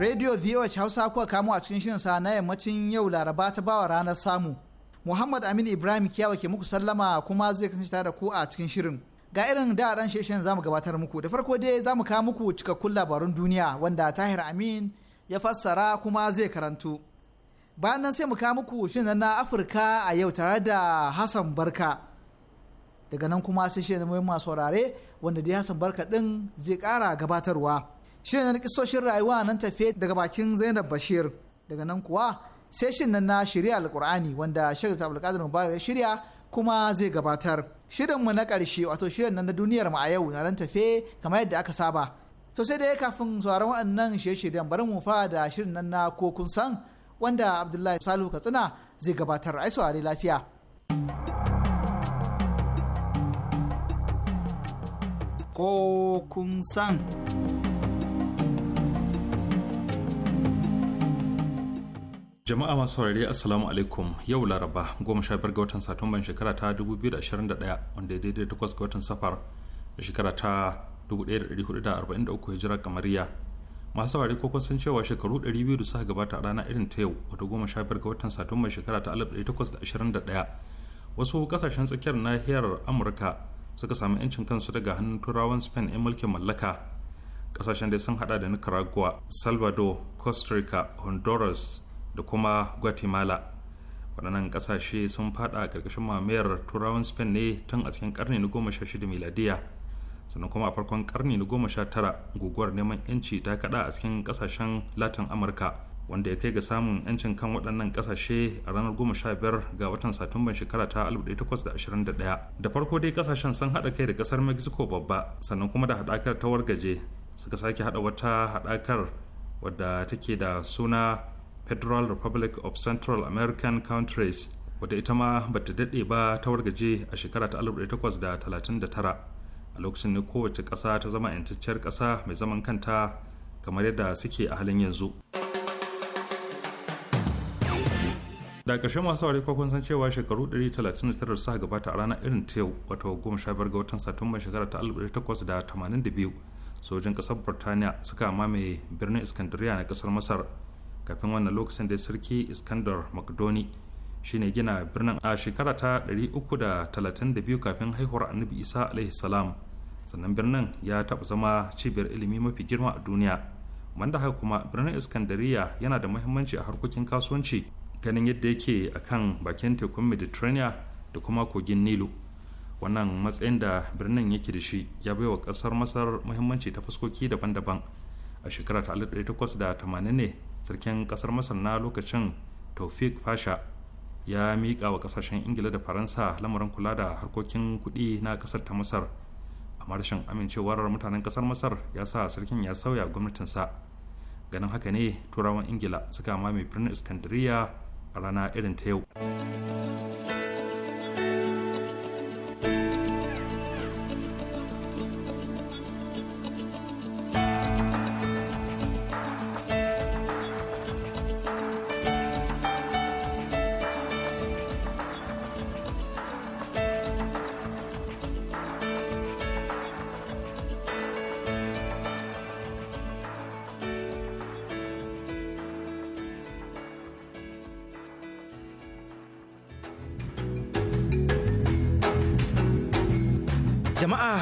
Radio VOH Hausa kuwa kamo a cikin shirin sa na yammacin yau Laraba ta bawa ranar samu. Muhammad Amin Ibrahim Kiyawa ke muku sallama kuma zai kasance tare da ku a cikin shirin. Ga irin da ran shirin zamu gabatar muku. Da farko dai zamu kawo muku cikakkun labarun duniya wanda Tahir Amin ya fassara kuma zai karantu. Bayan nan sai mu kawo muku shirin na Afirka a yau tare da Hassan Barka. Daga nan kuma sai shirin masu saurare wanda dai Hassan Barka din zai kara gabatarwa. shirin na kisoshin rayuwa nan tafe daga bakin zainab bashir daga nan kuwa sai shin nan na shirya alkur'ani wanda shekar ta abulkadir mubarak ya shirya kuma zai gabatar shirinmu na ƙarshe wato shirin nan na duniyar mu a yau na nan tafe kamar yadda aka saba to sai dai kafin sauraron waɗannan shirye-shiryen bari mu fara da shirin nan na ko kun san wanda abdullahi salihu katsina zai gabatar ai saurari lafiya ko kun san jama'a masu saurari assalamu alaikum yau laraba goma sha biyar ga watan satumban shekara ta 2021 wanda ya daidai takwas ga watan safar da shekara ta 1443 hijira kamariya masu saurari ko kun san cewa shekaru 200 da suka gabata a rana irin ta yau wato goma sha biyar ga watan satumban shekara ta 1821 wasu kasashen tsakiyar nahiyar amurka suka samu yancin kansu daga hannun turawan spain 'yan mulkin mallaka kasashen da sun hada da nicaragua salvador costa rica honduras da kuma guatemala waɗannan kasashe sun fada a ƙarƙashin mamayar turawan spain ne tun a cikin ƙarni na goma sha shida miladiya sannan kuma a farkon ƙarni na goma sha tara guguwar neman yanci ta kaɗa a cikin kasashen latin amurka wanda ya kai ga samun yancin kan waɗannan kasashe a ranar 15 ga watan satumban shekara ta 1821 da farko dai ƙasashen sun haɗa kai da ƙasar mexico babba sannan kuma da haɗakar ta wargaje suka sake haɗa wata haɗakar wadda take da suna federal republic of central american countries wadda ita ma bata daɗe ba ta wargaje a shekara ta 1839 a lokacin ne kowace ƙasa ta zama 'yantacciyar ƙasa mai zaman kanta kamar yadda suke a halin yanzu da ƙarshe masu aure kwakwan san cewa shekaru 139 suka gabata a ranar irin ta yau wato 15 ga watan satumba shekara ta takwas da biyu sojin ƙasar burtaniya suka mamaye birnin iskandariya na ƙasar masar kafin wannan lokacin da sarki iskandar makdoni ne gina birnin a shekara ta 332 kafin haihuwar annabi isa alaihi salam sannan birnin ya taɓa zama cibiyar ilimi mafi girma a duniya wanda haka kuma birnin iskandariya yana da muhimmanci a harkokin kasuwanci ganin yadda yake a kan bakin tekun mediterranean da kuma kogin nilu wannan matsayin da birnin yake da shi ya baiwa kasar masar muhimmanci ta fuskoki daban-daban a shekara ta 1880 ne sarkin kasar masar na lokacin taufik fasha ya miƙa wa kasashen ingila da faransa lamarin kula da harkokin kuɗi na kasar ta masar amma rashin amincewar mutanen kasar masar ya sa sarkin ya sauya gwamnatinsa ganin haka ne turawan ingila suka mame birnin iskandariya a rana irin ta yau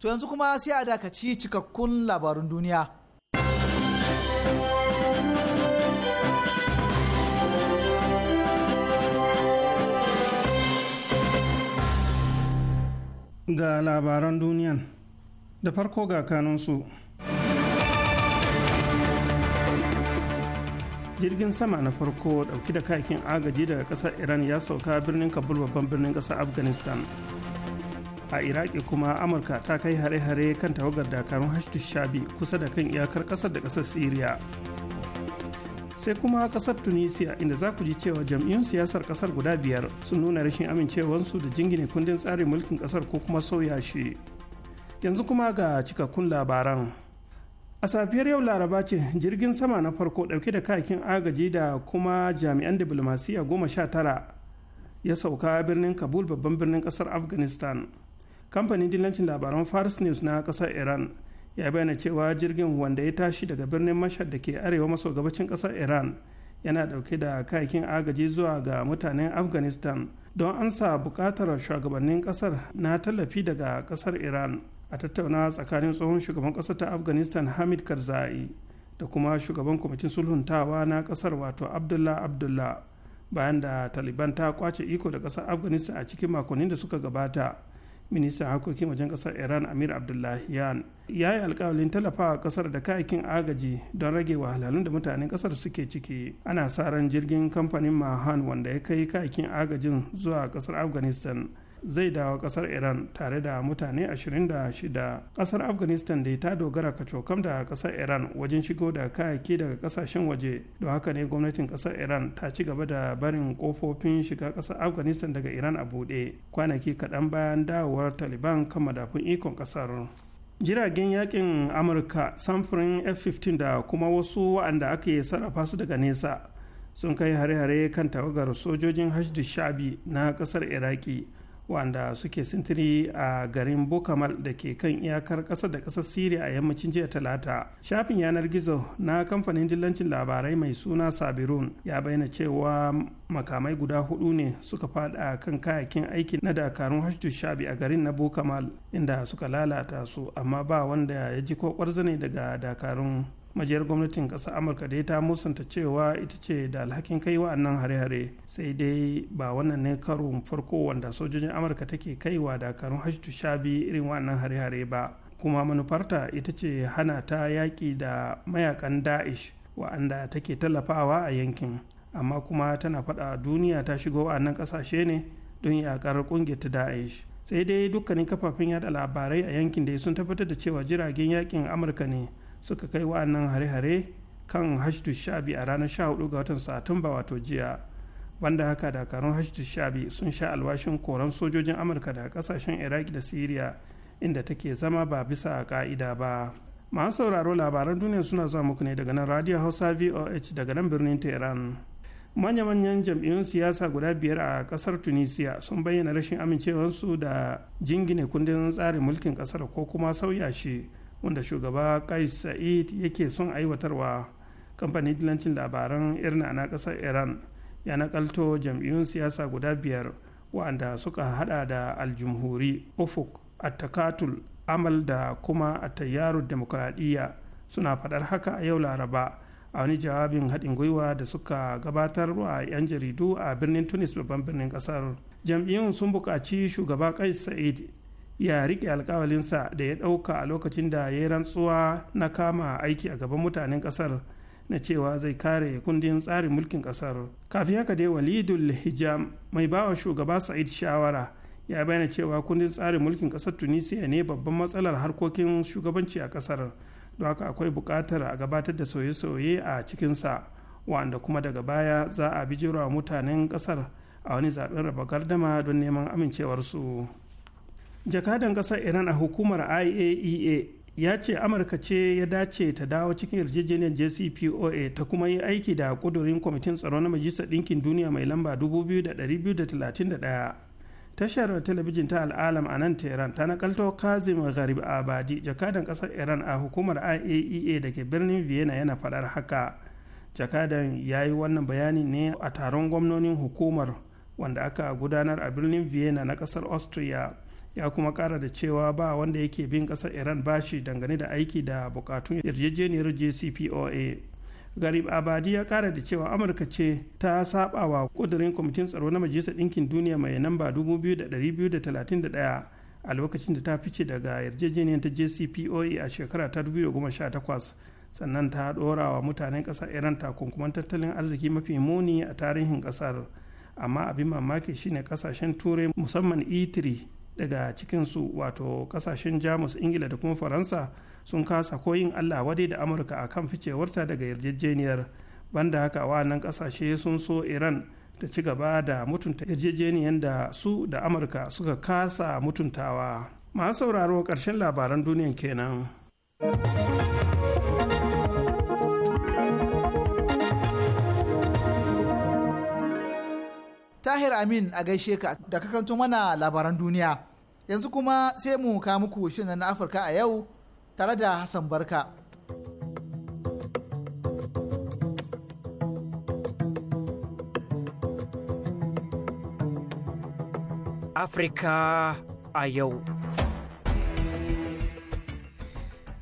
To yanzu kuma sai a dakaci cikakkun labarun duniya. Ga labaran duniyan da farko ga kanunsu. jirgin sama na farko dauki da kayakin agaji daga kasar iran ya sauka birnin kabul babban birnin kasar afghanistan a iraki kuma amurka ta kai hare-hare kan tawagar dakarun hashtu shabi kusa da kan iyakar kasar da kasar Siriya. sai kuma kasar tunisia inda za ku ji cewa jam'iyyun siyasar kasar guda biyar sun nuna rashin amincewarsu da jingine kundin tsarin mulkin kasar ko kuma sauya shi yanzu kuma ga cikakkun labaran a safiyar yau laraba ce jirgin sama na farko dauke da kayakin agaji da kuma jami'an diplomasiya goma sha tara ya sauka birnin kabul babban birnin kasar afghanistan kamfanin dillancin labaran faris news na kasar iran ya bayyana cewa jirgin wanda ya tashi daga birnin mashhad da ke arewa maso gabacin kasar iran yana dauke da kayakin agaji zuwa ga mutanen afghanistan don ansa bukatar shugabannin kasar na tallafi daga kasar iran a tattauna tsakanin tsohon shugaban kasar ta afghanistan hamid karzai da kuma shugaban kwamitin sulhuntawa na kasar wato abdullah abdullah bayan da taliban ta kwace iko da kasar afghanistan a cikin makonnin da suka gabata ministan harkokin wajen kasar iran amir abdullahiyan ya yi alkawalin tallafawa kasar da kayakin agaji don rage wahalhalun da mutanen kasar suke ciki ana sa ran jirgin kamfanin mahan wanda ya kai kayakin agajin zuwa kasar afghanistan zai dawo kasar iran tare da mutane 26 kasar afghanistan da ta dogara ka cokam da kasar iran wajen shigo da kayayyaki daga kasashen waje don haka ne gwamnatin kasar iran ta ci gaba da barin kofofin shiga kasar afghanistan daga iran a buɗe kwanaki kaɗan bayan dawowar taliban kan madafun ikon kasar jiragen yakin amurka samfurin f-15 da kuma wasu waɗanda ake sarrafa su daga nesa sun kai hare-hare kan tawagar sojojin hajji shabi na ƙasar iraki wanda suke sintiri a garin bokamal da ke kan iyakar ƙasa da ƙasar siriya a yammacin jiya talata shafin yanar gizo na kamfanin dillancin labarai mai suna sabirun ya bayyana cewa makamai guda hudu ne suka fada kan kayakin aiki na dakarun hajjus shabi a garin na bokamal inda suka lalata su amma ba wanda ya ji ko zane daga dakarun majiyar gwamnatin ƙasar amurka dai ta musanta cewa ita ce da alhakin kai wa'annan hare-hare sai dai ba wannan ne karun farko wanda sojojin amurka take kaiwa dakarun hashtu shabi irin wa'annan hare-hare ba kuma manufarta ita ce hana ta yaƙi da mayakan da'ish wa'anda take tallafawa a yankin amma kuma tana faɗa duniya ta shigo wa'annan ƙasashe ne don yaƙar ƙungiyar ta da'ish sai dai dukkanin kafafen yada labarai a yankin dai sun tabbatar da cewa jiragen yaƙin amurka ne suka kai wa'annan hare-hare kan hashdu sha'abi a ranar 14 ga watan satumba wato jiya banda haka dakarun hashdu sha'abi sun sha alwashin koran sojojin amurka daga kasashen iraki da siriya inda take zama ba bisa ka'ida ba masu sauraro labaran duniya suna zuwa muku ne daga nan radio hausa voh daga nan birnin tehran manya-manyan jam'iyyun siyasa guda biyar a kasar tunisia sun bayyana rashin amincewarsu da jingine kundin tsarin mulkin kasar ko kuma sauya shi wanda shugaba kais sa'id yake son aiwatarwa kamfanin dilancin labaran irna na ƙasar iran ya nakalto jam'iyyun siyasa guda biyar wa'anda suka hada da aljumhuri ufuk attakatul amal da kuma attayyaru demokradiyya suna faɗar haka a yau laraba a wani jawabin haɗin gwiwa da suka gabatar wa 'yan jaridu a birnin tunis babban birnin ƙasar jam'iyyun sun buƙaci shugaba kais sa'id ya riƙe alkawalinsa da ya ɗauka a lokacin da ya yi rantsuwa na kama aiki a gaban mutanen ƙasar na cewa zai kare kundin tsarin mulkin ƙasar kafin haka dai walidul hijam mai bawa shugaba sa'id shawara ya bayyana cewa kundin tsarin mulkin ƙasar tunisia ne babban matsalar harkokin shugabanci a ƙasar don haka akwai buƙatar a gabatar da sauye-sauye a cikinsa wanda kuma daga baya za a bijirwa mutanen ƙasar a wani zaɓen raba gardama don neman amincewarsu. jakadan ƙasar iran a hukumar iaea e ya ce amurka ce ya dace ta dawo cikin yarjejeniyar jcpoa ta kuma yi aiki da kudurin kwamitin tsaro na majalisar ɗinkin duniya mai lamba 2231 tashar talabijin ta al'alam a nan tehran ta nakalto kazim garib abadi jakadan ƙasar iran a hukumar iaea e da ke birnin vienna yana faɗar haka jakadan ya yi wannan bayani ne a taron gwamnonin hukumar wanda aka gudanar a birnin vienna na ƙasar austria ya kuma kara da cewa ba wanda yake bin kasar iran bashi dangane da aiki da bukatun yarjejeniyar jcpoa garib abadi ya kara da cewa amurka ce ta saba wa kudurin kwamitin tsaro na majalisar ɗinkin duniya mai namba 2231 a lokacin da ta fice daga yarjejeniyar ta jcpoa a shekara ta 2018 sannan ta dora wa mutanen ƙasar iran takunkuman tattalin arziki mafi muni a tarihin kasar amma abin mamaki shine kasashen turai musamman e3 daga cikinsu wato kasashen jamus ingila da kuma faransa sun kasa koyin allah wadai da amurka a kan ficewarta daga yarjejeniyar banda haka wa'annan kasashe sun so iran ta ci gaba da mutunta yarjejeniyar da su da amurka suka kasa mutuntawa masu sauraro ƙarshen labaran duniyan kenan. Tahir Amin a gaishe ka da kakanto mana labaran duniya. yanzu kuma sai mu ka muku shirin na afirka a yau tare da hassan barka afirka a yau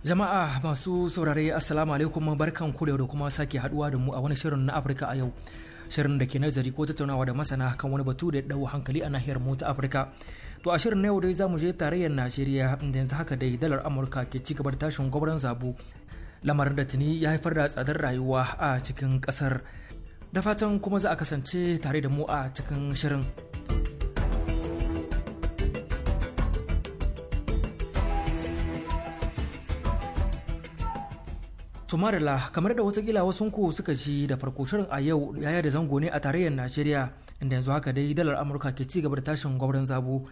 jama'a masu saurare assalamu alaikum barkan ku da kuma sake haduwa da mu a wani shirin na afirka a yau shirin da ke nazari ko tattaunawa da masana kan wani batu da ya dau hankali a nahiyar mu ta afirka To a shirin na yau dai za mu je tarayyar Najeriya inda yanzu haka dai dalar Amurka ke ci gaba da tashin gwamnan zabu. Lamarin da tuni ya haifar da tsadar rayuwa a cikin kasar. Da fatan kuma za a kasance tare da mu a cikin shirin. Tumarila kamar da gila wasu ku suka ji da farko shirin a yau yaya da zango ne a tarayyar Najeriya inda yanzu haka dai dalar Amurka ke ci gaba da tashin gwamnan zabu.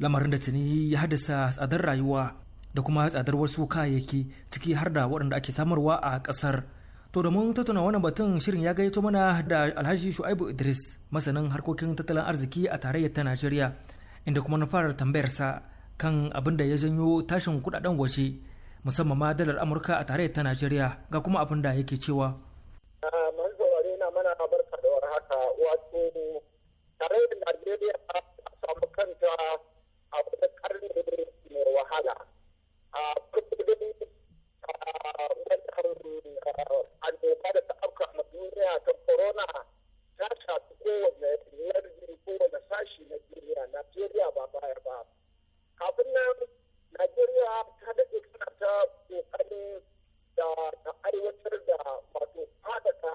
lamarin da tuni ya haddasa tsadar rayuwa da kuma tsadar wasu kayayyaki ciki har da waɗanda ake samarwa a ƙasar to domin tattauna wannan batun shirin ya gaito mana da alhaji shu'aibu idris masanin harkokin tattalin arziki a tarayyar ta najeriya inda kuma na fara sa kan abin da ya janyo tashin kudaden waje musamman ma dalar amurka a tarayyar ta najeriya ga kuma abin da yake cewa ah, mana barka da warhaka wato tarayyar najeriya ta samu kanta akwai karnin mai wahala a kudin wannan a da ta auka na duniya ta korona ta shafi kowane lardi kowane sashi na duniya najeriya ba baya ba kafin nan najeriya ta daɗe tana ta kokarin da ta aiwatar da wato fadada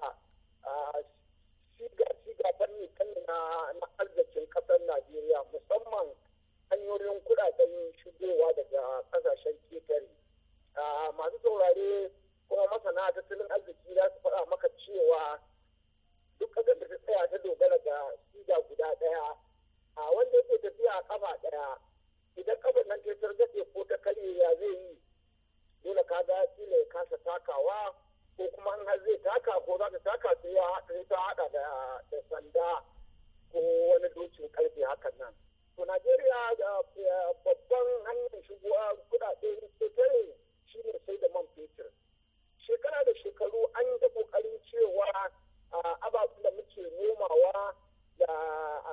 ganin shigowa daga ƙasashen ketare ah, masu saurare kuma masana tattalin arziki za su faɗa maka cewa duk ƙasar da ta tsaya ta dogara ga shida guda ɗaya a wanda yake tafiya a kafa ɗaya idan kafar nan ta gaske ko ta karye ya zai yi dole ka ga kila ya kasa takawa ko kuma an har zai taka ko za ta taka sai ya haɗa da sanda ko wani dokin karfe hakan nan to najeriya da eh, babban hanyar shigowa kudaden ƙetare shine sai da man fetur shekara da shekaru an yi kokarin cewa ababen da muke nomawa da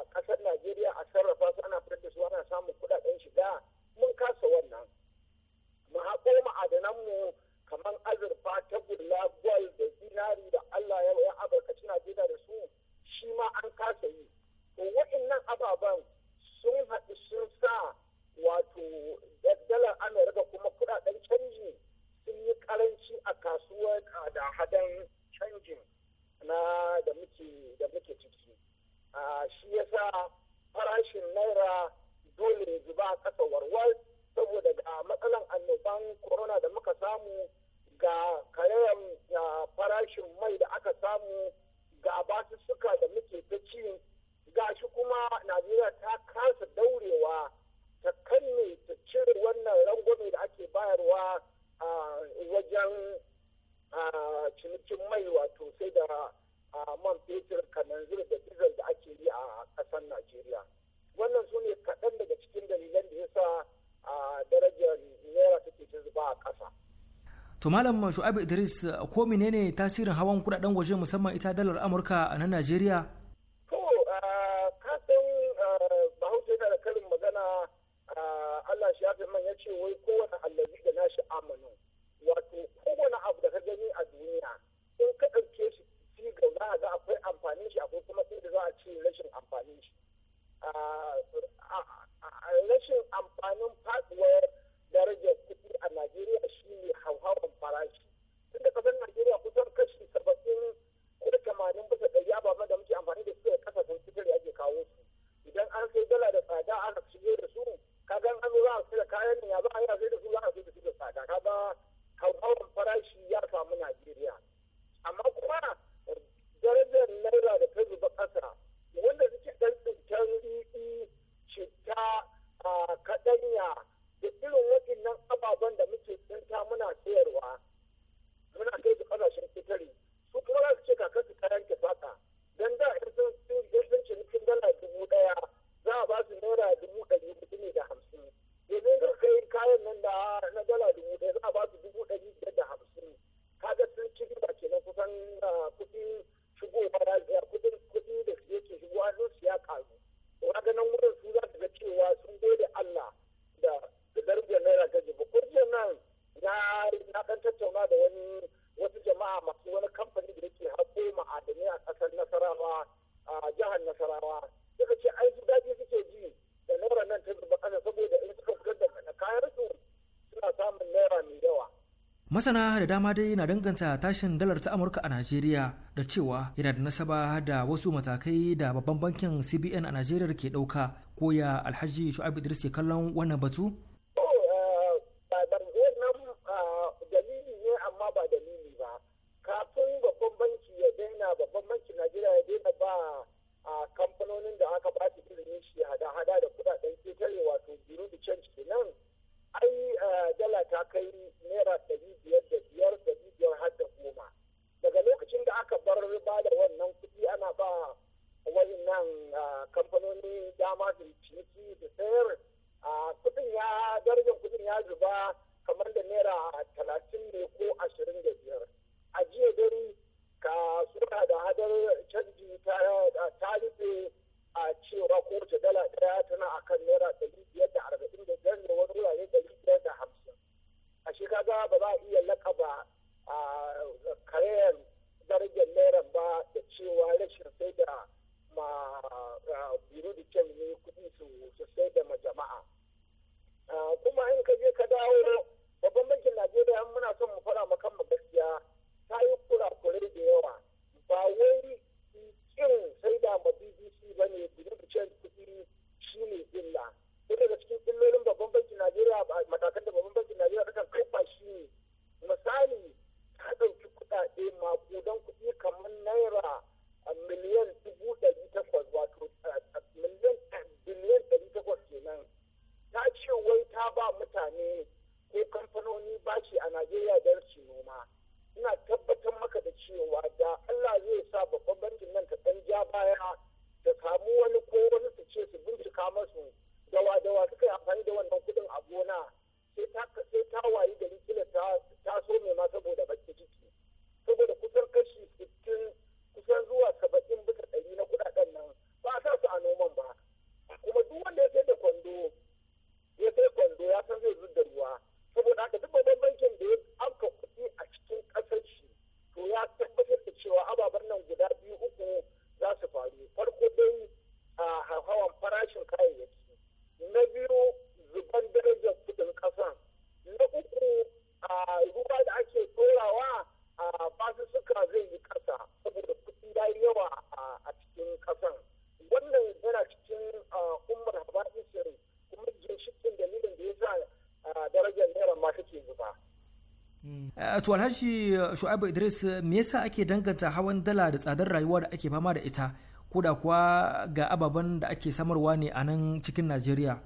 a ƙasar najeriya a sarrafa su ana fitar da su ana samun kudaden shiga mun kasa wannan mu haƙo ma'adananmu kamar azurfa tagulla gwal da zinari da allah ya albarkaci najeriya da su shi ma an kasa yi to wa'innan ababen sun haɗu sun sa wato dalar amurka kuma kudaden canji sun yi karanci a kasuwar da hadan canjin na da muke da muke ciki a shi yasa farashin naira dole ya zuba a ƙasa warwar saboda ga matsalan annoban corona da muka samu ga karewar farashin mai da aka samu ga basussuka da muke ta ci gashi kuma najeriya ta kasa daurewa ta kanne ta cire wannan rangwame da ake bayarwa a wajen cinikin mai wato sai da man fetur kananzir da diesel da ake yi a kasar najeriya wannan su ne kaɗan daga cikin dalilan da ya sa darajar naira take ke zuba a kasa. to malam shu'abu idris ko menene tasirin hawan kudaden waje musamman ita dalar amurka a nan najeriya masana da dama dai na danganta tashin dalar ta amurka a najeriya da cewa yana da nasaba da wasu matakai da babban bankin cbn a najeriya ke dauka koya alhaji shu'aib idris ke kallon wannan batu ta wayi gari kila ta so mai ma saboda to alhaji shu'aibu idris me yasa ake danganta hawan dala da tsadar rayuwa da ake fama da ita ko da kuwa ga ababen da ake samarwa ne a nan cikin najeriya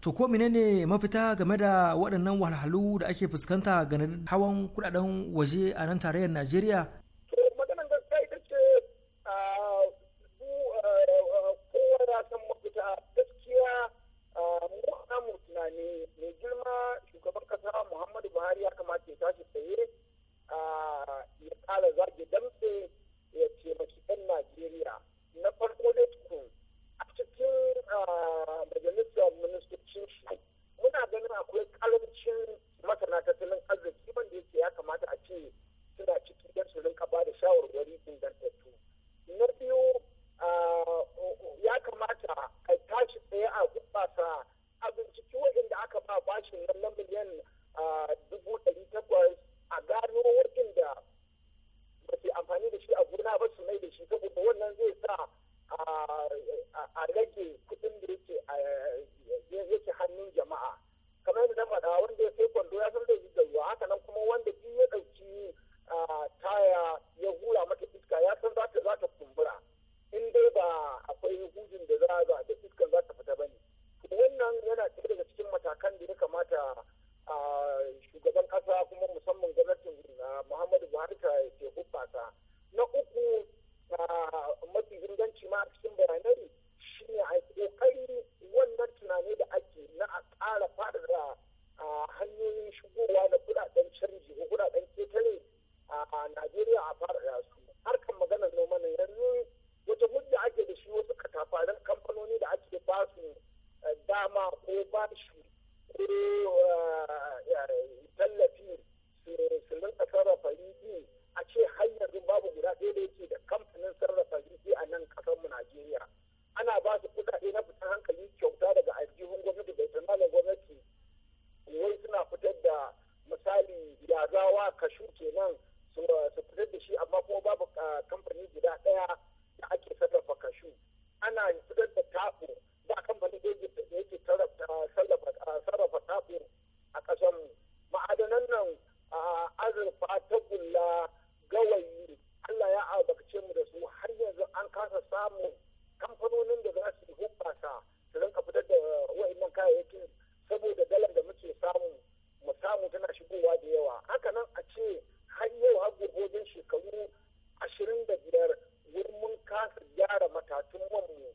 To ko ne mafita game da waɗannan wahalhalu da ake fuskanta ganin hawan kudaden waje a nan tarayyar Najeriya yana ɗaya daga cikin matakan da ya kamata a shugaban ƙasa kuma musamman gwamnatin muhammadu buhari ta ke hubbasa na uku mafi inganci ma a cikin bayanai ne a ƙoƙari wannan tunani da ake na a ƙara faɗaɗa hanyoyin shigowa da kuɗaɗen canji ko kuɗaɗen ketare a najeriya a fara da su harkar maganar noma na yanzu wata mudda ake da shi wasu katafaren kamfanoni da ake basu dama ko bashi ko eh, eh, tallafi su rinka sarrafa riɗi a ce hanyar yanzu babu guda ɗaya da yake da kamfanin sarrafa riɗi a nan kasar ƙasarmu Najeriya. Ana ba su kuɗaɗe na fitar hankali kyauta daga aljihun gwamnati bai malin gwamnati wai suna fitar da misali yazawa kashu kenan su fitar da shi amma kuma babu eh, kamfanin guda ɗaya da ake sarrafa kashu. Ana fitar da taɓo ba kamfanin egypt da yake sarrafa taɓo a ƙasar mu ma'adanan nan azurfa tagulla gawayi allah ya albarkace mu da su har yanzu an kasa samun kamfanonin da za su hubbasa su rinka fitar da wa'annan kayayyakin saboda dalar da muke samu mu samu tana shigowa da yawa hakanan a ce har yau har gobojin shekaru ashirin da biyar wurin mun kasa gyara matatun mu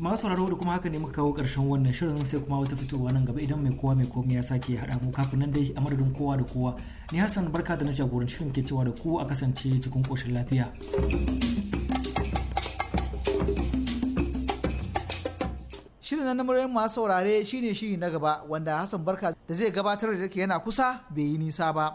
masu sauraro da kuma haka ne muka kawo karshen wannan shirin sai kuma wata fitowa nan gaba idan mai kowa mai komai ya sake hada mu kafin nan dai a madadin kowa da kowa ni hassan barka da na jagoranci shirin ke cewa da ku a kasance cikin koshin lafiya shirin na murayen masu saurare shine shiri na gaba wanda hassan barka da zai gabatar da yake yana kusa bai yi nisa ba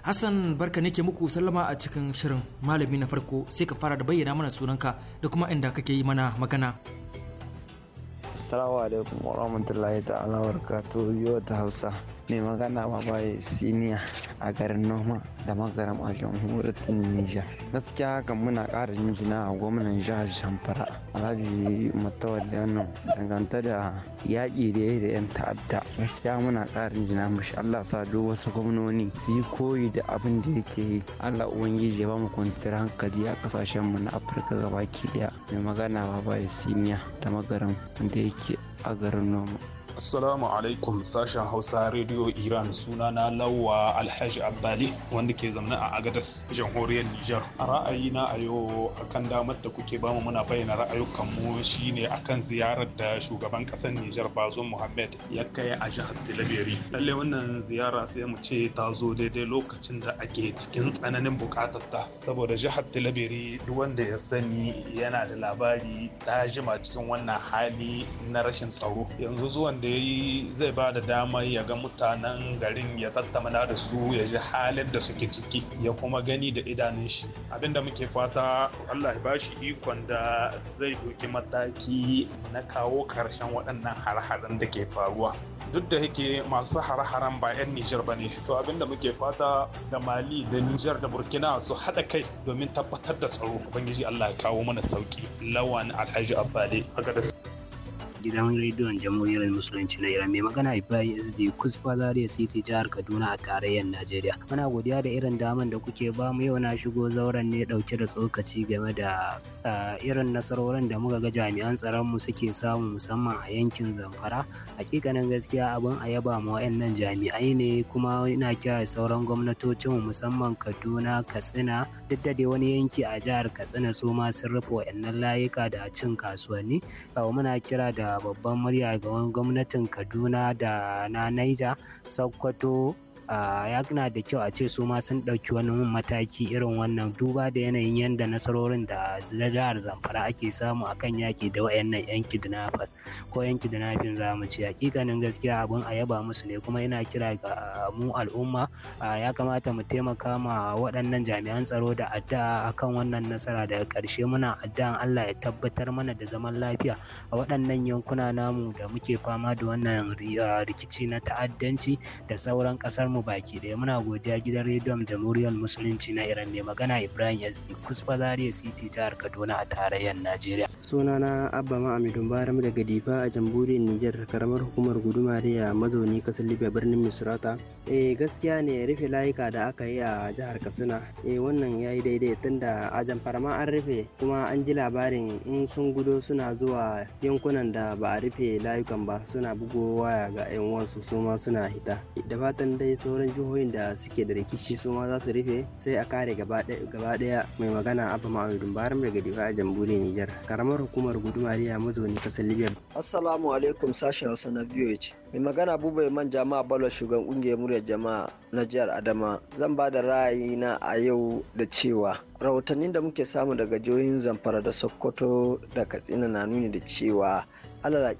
Hassan barka nake muku sallama a cikin shirin malami na farko sai ka fara da bayyana mana sunanka da kuma inda kake yi mana magana. Assalamu alaikum rahmatullahi ta'ala barkatu yau ta Hausa. mai magana ma siniya a garin noma da magaram a jamhuriyar nijar gaskiya kan muna ƙara jinjina a gwamnan jihar zamfara alhaji matawar da nan danganta da yaƙi da ya da yan ta'adda gaskiya muna ƙara jinjina mashi allah sa duk wasu gwamnoni su yi koyi da abin da yake yi allah ubangiji ya ba mu kwanciyar hankali a ƙasashen mu na afirka gabaki daya mai magana ba siniya da magaram da yake a garin noma Assalamu alaikum sashen Hausa Radio Iran suna na Lawa Alhaji Abbali wanda ke zamana a Agadas jamhuriyar Nijar. A na a yau akan damar da kuke bamu muna bayyana mu shine akan ziyarar da shugaban ƙasar Nijar Bazoum muhammed ya kai a jihar Tilaberi. Lalle wannan ziyara sai mu ce ta zo daidai lokacin da ake cikin tsananin buƙatar ta saboda jihar Tilaberi duk wanda ya sani yana da labari ta jima cikin wannan hali na rashin tsaro. Yanzu zuwan da yi zai ba da damar ya ga mutanen garin ya tattamana da su ya ji halin da suke ciki ya kuma gani da idanun shi abinda muke fata Allah ya bashi ikon da zai doki mataki na kawo karshen waɗannan har-haren da ke faruwa duk da yake masu har-haren ba 'yan Nijar ba ne to abinda muke fata da Mali da Nijar da Burkina su haɗa kai domin tabbatar da tsaro ubangiji Allah ya kawo mana sauki lawan Alhaji Abbade a gidan rediyon jamhuriyar musulunci na iran mai magana ibrahim sd kusfa zaria city jihar kaduna a tarayyar najeriya muna godiya da irin daman da kuke ba mu yau na shigo zauren ne dauke da tsokaci game da irin nasarorin da muka ga jami'an tsaron mu suke samu musamman a yankin zamfara hakikanin gaskiya abin a yaba ma wayannan jami'ai ne kuma ina kira sauran gwamnatocin musamman kaduna katsina duk da dai wani yanki a jihar katsina su ma sun rufe wayannan layuka da cin kasuwanni muna kira da babbar babban murya ga gwamnatin Kaduna da na Niger, Sokoto ya na da kyau a ce su ma sun ɗauki wani mataki irin wannan duba da yanayin yadda nasarorin da na jihar zamfara ake samu a kan yaki da wayannan yan kidnappers ko yan kidnapping za mu ce hakikanin gaskiya abin a yaba musu ne kuma ina kira ga mu al'umma ya kamata mu taimaka ma waɗannan jami'an tsaro da addu'a akan wannan nasara daga ƙarshe muna addu'an Allah ya tabbatar mana da zaman lafiya a waɗannan yankuna namu da muke fama da wannan rikici na ta'addanci da sauran ƙasar mu mu baki ɗaya muna godiya gidan rediyon jamhuriyar musulunci na iran ne magana ibrahim yazdi kusfa zaria city jihar kaduna a tarayyar najeriya na abba ma'amidun baram daga difa a jamhuriyar niger karamar hukumar guduma da mazauni kasar libya birnin misrata eh gaskiya ne rufe layuka da aka yi a jihar katsina eh wannan ya yi daidai tunda a ma an rufe kuma an ji labarin in sun gudo suna zuwa yankunan da ba a rufe layukan ba suna bugo waya ga 'yan uwansu su ma suna hita da fatan dai su sauran jihohin da suke da rikici su ma za su rufe sai a kare gaba daya mai magana abu ma'amudin baram daga difa a jamhuriyar nijar karamar hukumar gudumariya mazauni kasar libya assalamu alaikum sashen hausa na voh mai magana bubai man jama'a balo shugaban kungiyar muryar jama'a na jihar adama zan ba da ra'ayi na a yau da cewa rahotannin da muke samu daga jihohin zamfara da sokoto da katsina na nuni da cewa alal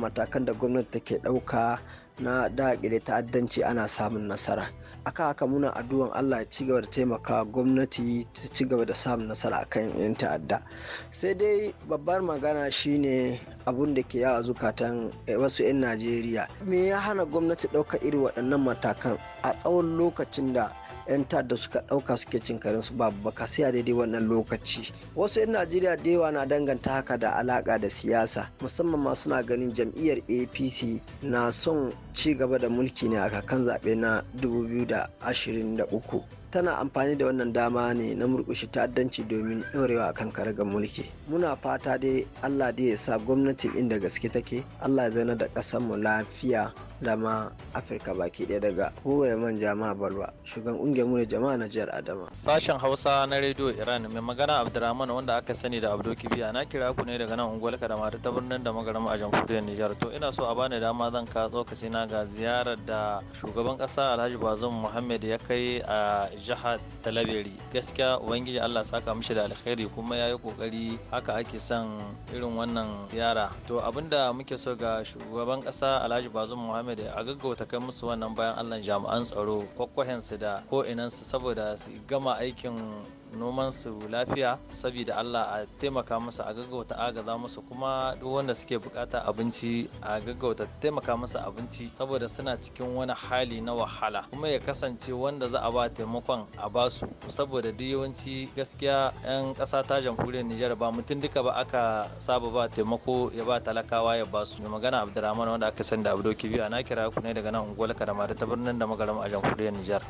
matakan da gwamnati take ɗauka na daƙile ta'addanci ana samun nasara akan haka muna addu'an Allah ya ci gaba da taimaka gwamnati ta ci gaba da samun nasara akan yan ta'adda sai dai babbar magana shine abun da ke yawa zukatan eh, wasu 'yan Najeriya me ya hana gwamnati ɗaukar irin waɗannan matakan a tsawon lokacin da 'yan ta'adda suka ɗauka suke cin karin su babu baka sai a daidai wannan lokaci wasu 'yan najeriya da yawa na danganta haka da alaka da siyasa musamman ma suna ganin jam'iyyar apc na son ci gaba da mulki ne a kakan zaɓe na 2023 tana amfani da wannan dama ne na murkushe ta'addanci domin ɗorewa kan karagar mulki muna fata dai allah da ya sa gwamnatin inda gaske take allah ya zana da ƙasarmu lafiya lama afirka baki ɗaya daga huwaye manja ma balwa shugaban ƙungiyar mu jama'a na jihar adama sashen hausa na rediyo iran mai magana abdurrahman wanda aka sani da abdo kibiya na kira ku ne daga nan unguwar ma ta birnin da magarama a jamhuriyar nijar to ina so a bani dama zan ka tsokaci na ga ziyarar da shugaban kasa alhaji bazum muhammad ya kai a jihar talabiri gaskiya ubangiji allah saka mishi da alkhairi kuma ya yi kokari haka ake son irin wannan ziyara to abinda muke so ga shugaban ƙasa alhaji bazum muhammad Muhammad a gaggauta kai musu wannan bayan Allah jami'an tsaro kwakwahensu da ko saboda su gama aikin noman su lafiya saboda Allah a taimaka musu a gaggauta agaza musu kuma duk wanda suke bukata abinci a gaggauta taimaka musu abinci saboda suna cikin wani hali na wahala kuma ya kasance wanda za a ba taimakon a basu saboda duk yawanci gaskiya 'yan kasa ta jamhuriyar Nijar ba mutum duka ba aka saba ba taimako ya ba talakawa ya basu su magana Abdurrahman wanda aka sanda Abdo Kibiya na kira ku ne daga nan unguwar Kadamari ta birnin da magaram a jamhuriyar Nijar.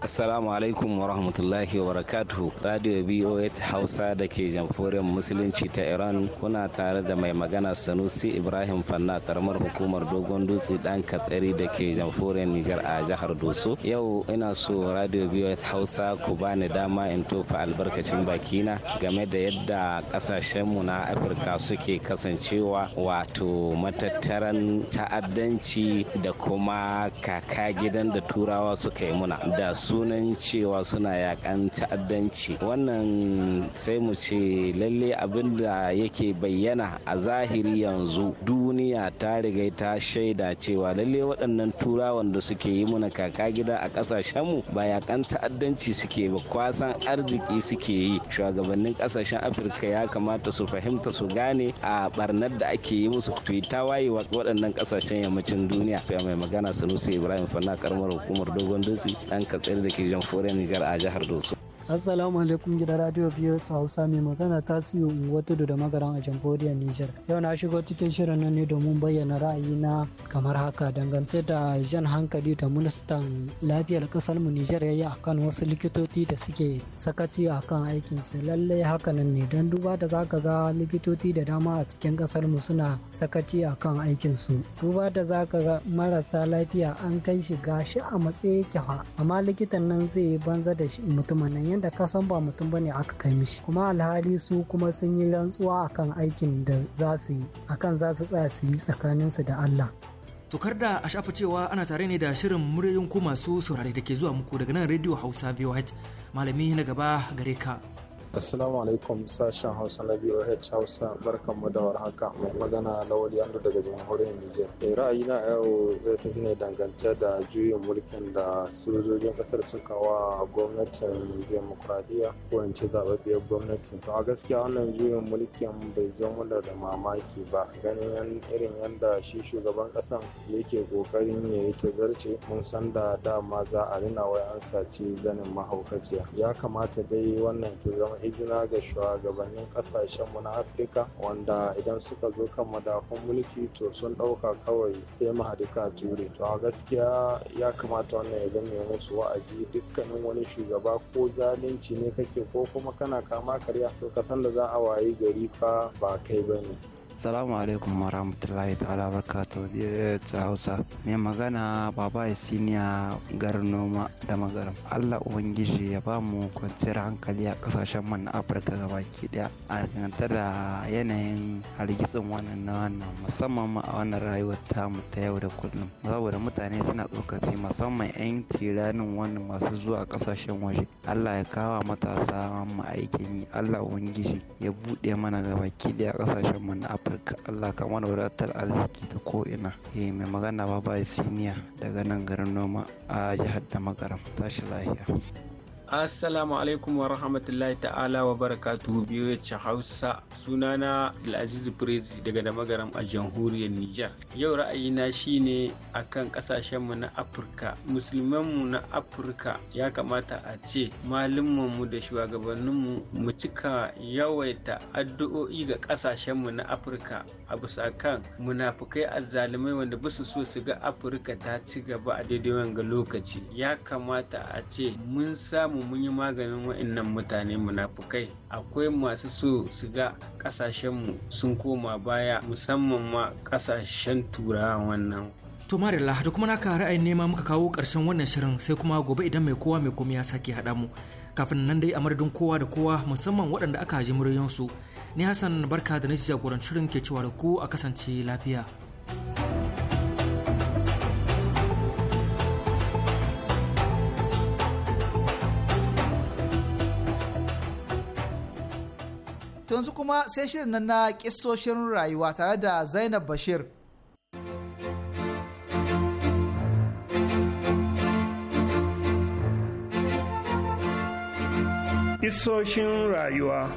Assalamu alaikum wa rahmatullahi wa barakatuhu. Radio BOH Hausa da ke jamhuriyar Musulunci ta Iran kuna tare da mai magana Sanusi Ibrahim Fanna karamar hukumar Dogon Dutse dan Katsari da ke jamhuriyar Nijar a jihar Doso. Yau ina so Radio BOH Hausa ku bani dama in tofa albarkacin bakina game da yadda kasashenmu na Afirka suke kasancewa wato matattaran ta'addanci da kuma kaka gidan da turawa suka yi muna da su sunan cewa suna yakan ta'addanci wannan sai mu ce lalle abin da yake bayyana a zahiri yanzu duniya ta riga ta shaida cewa lalle waɗannan turawan da suke yi muna kaka gida a ƙasashenmu ba yakan ta'addanci suke ba kwasan arziki suke yi shugabannin ƙasashen afirka ya kamata su fahimta su gane a barnar da ake yi musu fita waye waɗannan ƙasashen yammacin duniya mai magana sanusi ibrahim fana karamar hukumar dogon dutse ɗan katsina da ke jamhuriyar Nijar a jihar Doso. Assalamu alaikum gidan radio biyar ta Hausa mai magana ta siyo unguwar da magaran a jamhuriyar Nijar. Yau na shigo cikin shirin nan ne domin bayyana na kamar haka dangance da jan hankali da ministan lafiyar kasar mu Nijar yayi akan wasu likitoci da suke sakaci akan aikin su lallai hakanan ne dan duba da zaka ga likitoci da dama a cikin kasar mu suna sakaci akan aikin su. Duba da zaka ga marasa lafiya an kai shi gashi a matsayi yake amma likitan nan zai banza da shi mutumin nan yayin ka san ba mutum bane aka kai mishi kuma alhali su kuma sun yi rantsuwa akan aikin da za su yi akan za su tsaya su yi tsakaninsu da Allah Tokar da a shafa cewa ana tare ne da shirin muryoyin ku masu saurare da ke zuwa muku daga nan Radio Hausa VOH Malami na gaba gare ka. Assalamu alaikum sashen Hausa na H Hausa barkanmu da warhaka mai magana wani Yando daga jamhuriyar Nijar. Eh, ra'ayi na yau zai tafi ne dangance da juyin mulkin da sojojin kasar suka wa gwamnatin demokuraɗiyya ko in ce zaɓaɓɓiyar gwamnati. To a gaskiya wannan juyin mulkin bai zo mu da mamaki ba ganin irin yadda shi shugaban ƙasan yake ƙoƙarin ya yi ta zarce mun san da dama za a rina wai an saci zanin mahaukaciya. Ya kamata dai wannan ta zama izina ga shugabannin kasashenmu na afirka wanda idan suka zo kan madafun mulki to sun ɗauka kawai sai mahadika ture to a gaskiya ya kamata wannan ya zama musu wa'azi dukkanin wani shugaba ko zalunci ne kake ko kuma kana kama karya to ka san da za a wayi gari fa ba kai bane Salamu alaikum wa rahmatullahi ta'ala barkatu ta Hausa. Mai magana baba ya siniya garin noma da magaram. Allah Ubangiji ya ba mu kwanciyar hankali a kasashen man Afirka gabaki daya a dangantare da yanayin hargitsin wannan na wannan musamman ma a wannan rayuwar ta mu ta yau da kullum. Saboda mutane suna tsokaci musamman 'yan tiranin wannan masu zuwa kasashen waje. Allah ya kawa matasa mu aikin yi. Allah Ubangiji ya buɗe mana gabaki daya kasashen man Afirka. afirka allah ka mana wadatar arziki ta ko'ina yi eh, mai magana ba ba siniya daga nan garin noma a jihar da makaram tashi lahiya Assalamu alaikum wa rahmatullahi ta'ala wa barakatu biyu ya Hausa sunana Abdulaziz Prezi daga da magaram a jamhuriyar Nijar. Yau ra'ayina shine akan kasashenmu na Afirka, musulmanmu na Afirka ya kamata a ce malumanmu da shugabanninmu mu cika yawaita addu'o'i ga kasashenmu na Afirka a bisa kan munafukai azzalumai wanda ba su so su ga Afirka ta ci gaba a daidai wanga lokaci. Ya kamata a ce mun samu mu mun yi maganin wa'annan mutane munafukai akwai masu so su ga kasashenmu sun koma baya musamman ma kasashen turawa wannan to marilla da kuma naka ra'ayin nema muka kawo karshen wannan shirin sai kuma gobe idan mai kowa mai komai ya sake hada mu kafin nan dai a madadin kowa da kowa musamman waɗanda aka ji muryoyinsu ni hassan barka da na jagorancin shirin ke cewa da ku a kasance lafiya. yanzu kuma sai shirin nan na kissoshin rayuwa tare da Zainab Bashir. Kissoshin rayuwa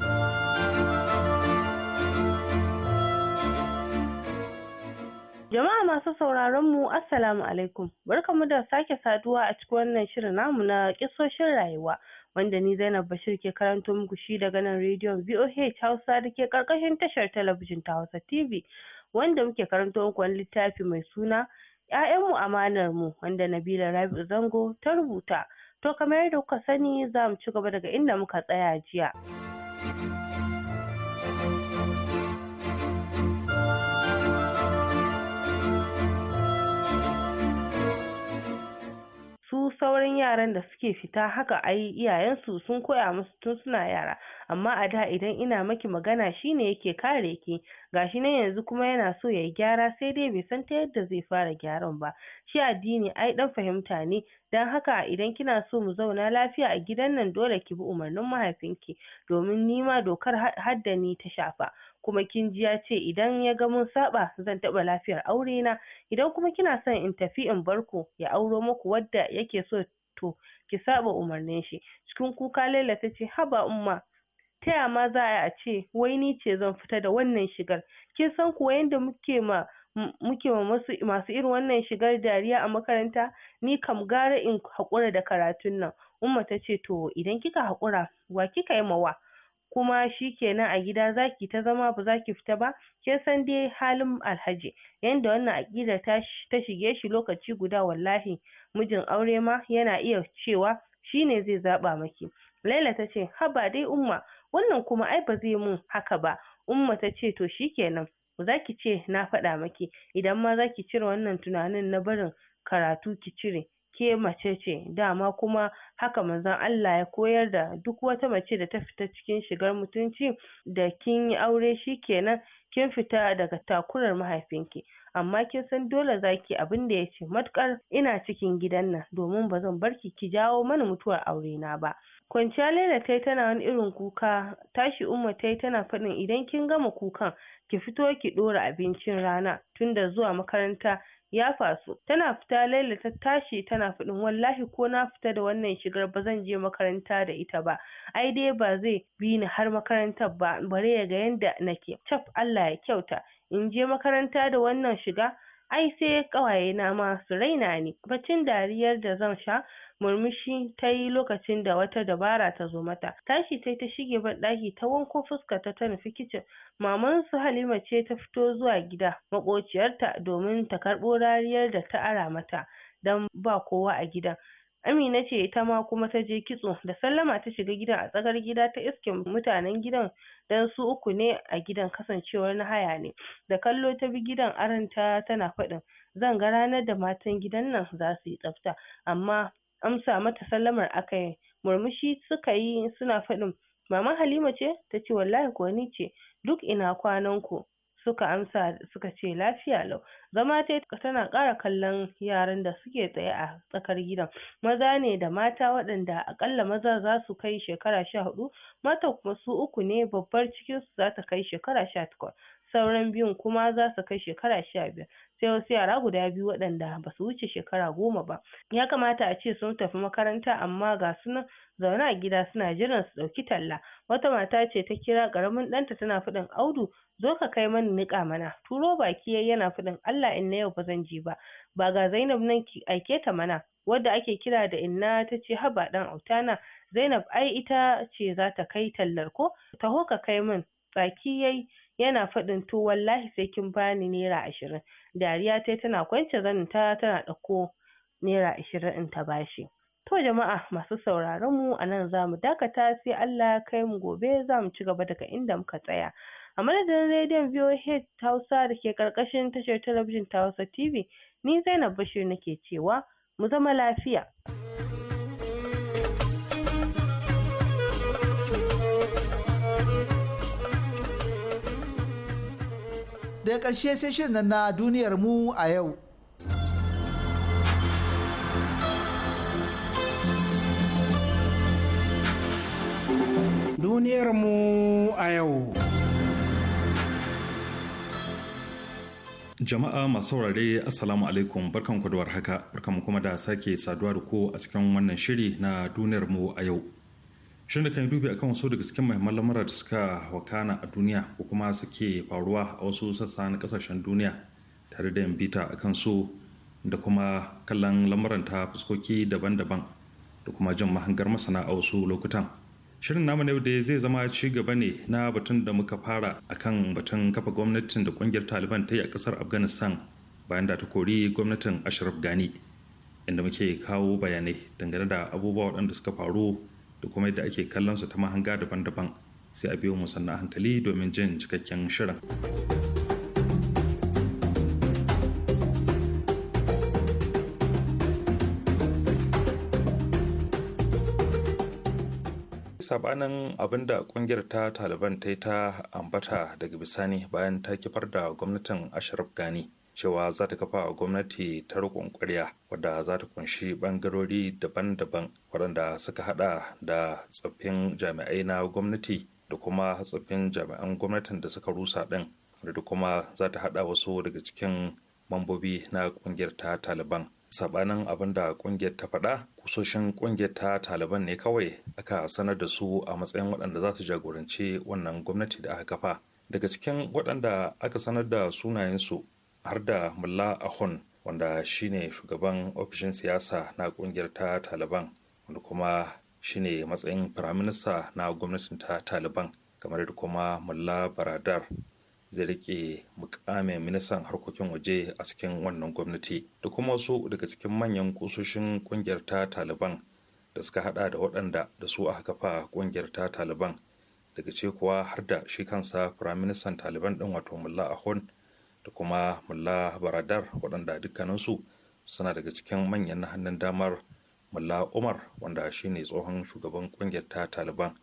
Jama'a masu sauraron mu Assalamu alaikum. Barkamu da sake saduwa a cikin wannan shirin namu na kissoshin rayuwa. wanda ni Zainab Bashir ke karanto muku shi daga nan rediyon VOH Hausa da ke karkashin tashar talabijin ta Hausa TV wanda muke karanto muku wani littafi mai suna mu amanar mu wanda Nabila Rabi'u Zango ta rubuta. To kamar yadda kuka sani za mu ci gaba daga inda muka tsaya jiya. sauran yaran da suke fita haka ai iyayensu sun koya musu tun suna yara amma a da idan ina maki magana shine yake kare ki gashi nan yanzu kuma yana so yayi gyara sai dai bai san ta yadda zai fara gyaran ba shi addini ai dan fahimta ne dan haka idan kina so mu zauna lafiya a gidan nan dole ki bi umarnin mahaifinki domin nima dokar hadda ni ta shafa kuma kin ji ya ce idan ya ga mun saba zan taɓa lafiyar aure na idan kuma kina son in tafi in bar ku ya auro muku wadda yake so to ki saba umarnin shi cikin kuka Laila ta ce haba umma taya ma za a ce wai ni ce zan fita da wannan shigar kin san kuwa yanda muke ma muke ma masu masu irin wannan shigar dariya a makaranta ni kam gara in haƙura da karatun nan umma ta ce to idan kika haƙura wa kika yi mawa kuma shi shikenan a gida zaki ta zama ba zaki fita ba kin san dai halin Alhaji yanda wannan aƙidar ta shige shi lokaci guda wallahi mijin aure ma yana iya cewa shi ne zai zaɓa maki Laila ta ce haba dai umma wannan kuma ai ba zai mun haka ba umma ta ce to shikenan zaki ce na faɗa maki idan ma zaki cire wannan tunanin na barin karatu ki cire ke mace ce dama kuma haka manzon Allah ya koyar da duk wata mace da ta fita cikin shigar mutunci da kin yi aure shikenan kin fita daga takurar mahaifinki amma kin san dole zaki abin da ce matukar ina cikin gidan nan domin ba zan bar ki ki jawo mana mutuwar aure na ba kwanciya Laila tai tana wani irin kuka tashi Umma tai tana faɗin idan kin gama kukan ki fito ki ɗora abincin rana tunda zuwa makaranta ya faso tana fita laila ta tashi tana faɗin wallahi ko na fita da wannan shigar ba zan je makaranta da ita ba ai dai ba zai bi ni har makarantar ba bare ya ga yanda nake caf Allah ya kyauta in je makaranta da wannan shiga ai sai ƙawaye na ma su raina ni bacin dariyar da zan sha murmushi ta yi lokacin da wata dabara ta zo mata tashi tai ta shige banɗaki ta wanko fuskarta ta nufi kicin maman su Halima ce ta fito zuwa gida maƙociyarta domin ta karɓo rariyar da ta ara mata don ba kowa a gidan Amina ce ita ma kuma ta je kitso da sallama ta shiga gidan a tsakar gida ta iske mutanen gidan dan su uku ne a gidan kasancewar na haya ne da kallo ta bi gidan aranta tana faɗin zan ga ranar da matan gidan nan za su yi tsafta amma amsa mata sallamar aka murmushi suka yi suna faɗin maman Halima ce ta ce wallahi ko ni ce duk ina kwanan ku suka amsa suka ce lafiya lau zama ta tana ƙara kallon yaran da suke tsaye a tsakar gidan maza ne da mata waɗanda aƙalla maza za su kai shekara sha hudu mata kuma su uku ne babbar cikinsu za ta kai shekara sha takwas sauran biyun kuma za su kai shekara sha biyar sai wasu yara guda biyu waɗanda ba su wuce shekara goma ba ya kamata a ce sun tafi makaranta amma ga su nan zaune a gida suna jiran su ɗauki talla wata mata ce ta kira ƙaramin ɗanta tana faɗin audu zo ka kai mani niƙa mana turo baki yayi yana faɗin Allah inna yau ba zan je ba ba ga Zainab nan ki aike ta mana wadda ake kira da inna ta ce haba ɗan autana Zainab ai ita ce za ta kai tallar ko taho ka kai min tsaki yayi yana faɗin to wallahi sai kin bani naira ashirin dariya tayi tana kwance zanin ta tana ɗauko naira ashirin in ta bashi to jama'a masu sauraron mu a nan zamu dakata sai Allah ya kai mu gobe zamu ci gaba daga inda muka tsaya a madadin rediyon VOH Hausa da ke karkashin tashar talabijin ta Hausa TV ni Zainab Bashir nake cewa mu zama lafiya. daga ƙarshe sai shirin na duniyar mu a yau duniyar mu a yau Jama'a masu saurare Assalamu alaikum barkan ku haka warhaka barkan kuma da sake saduwa da ku a cikin wannan shiri na duniyar mu a yau. shirin da kan yi dubi akan wasu daga cikin muhimman lamura da suka wakana a duniya ko kuma suke faruwa a wasu sassa na kasashen duniya tare da yin bita kan su da kuma kallon lamuran ta fuskoki daban-daban da kuma jin mahangar masana a wasu lokutan shirin namu na da zai zama ci gaba ne na batun da muka fara a kan batun kafa gwamnatin da kungiyar taliban ta yi a kasar afghanistan bayan da ta kori gwamnatin ashraf gani inda muke kawo bayanai dangane da abubuwa waɗanda suka faru da kuma yadda ake kallon su ta mahanga daban-daban sai a biyo mu sannan hankali domin jin cikakken shirin. sabanin abin da kungiyar ta taliban ta yi ta ambata daga bisani bayan ta kifar da gwamnatin ashraf gani cewa za ta kafa gwamnati ta rukun kwarya wadda za ta kunshi bangarori daban-daban waɗanda suka hada da tsoffin jami'ai na gwamnati da kuma tsoffin jami'an gwamnatin da suka rusa ɗin da kuma za ta hada wasu daga cikin mambobi na kungiyar ta taliban sabanin abin da kungiyar ta faɗa kusoshin kungiyar ta taliban ne kawai aka sanar da su a matsayin waɗanda za su jagoranci wannan gwamnati da aka kafa daga cikin waɗanda aka sanar da sunayensu har da mulla ahun wanda shine shugaban ofishin siyasa na kungiyar ta taliban wanda kuma shine matsayin firaminista na gwamnatin ta taliban kamar da kuma mulla baradar zai rike mukamin ministan harkokin waje a cikin wannan gwamnati da kuma wasu daga cikin manyan kusoshin kungiyar ta taliban da suka hada da waɗanda da su aka kafa kungiyar ta taliban daga ce kuwa har da shi kansa firaministan taliban ɗin wato mulla ahun da kuma mulla baradar waɗanda dukkaninsu suna daga cikin manyan na hannun damar mulla umar wanda shine tsohon shugaban kungiyar ta taliban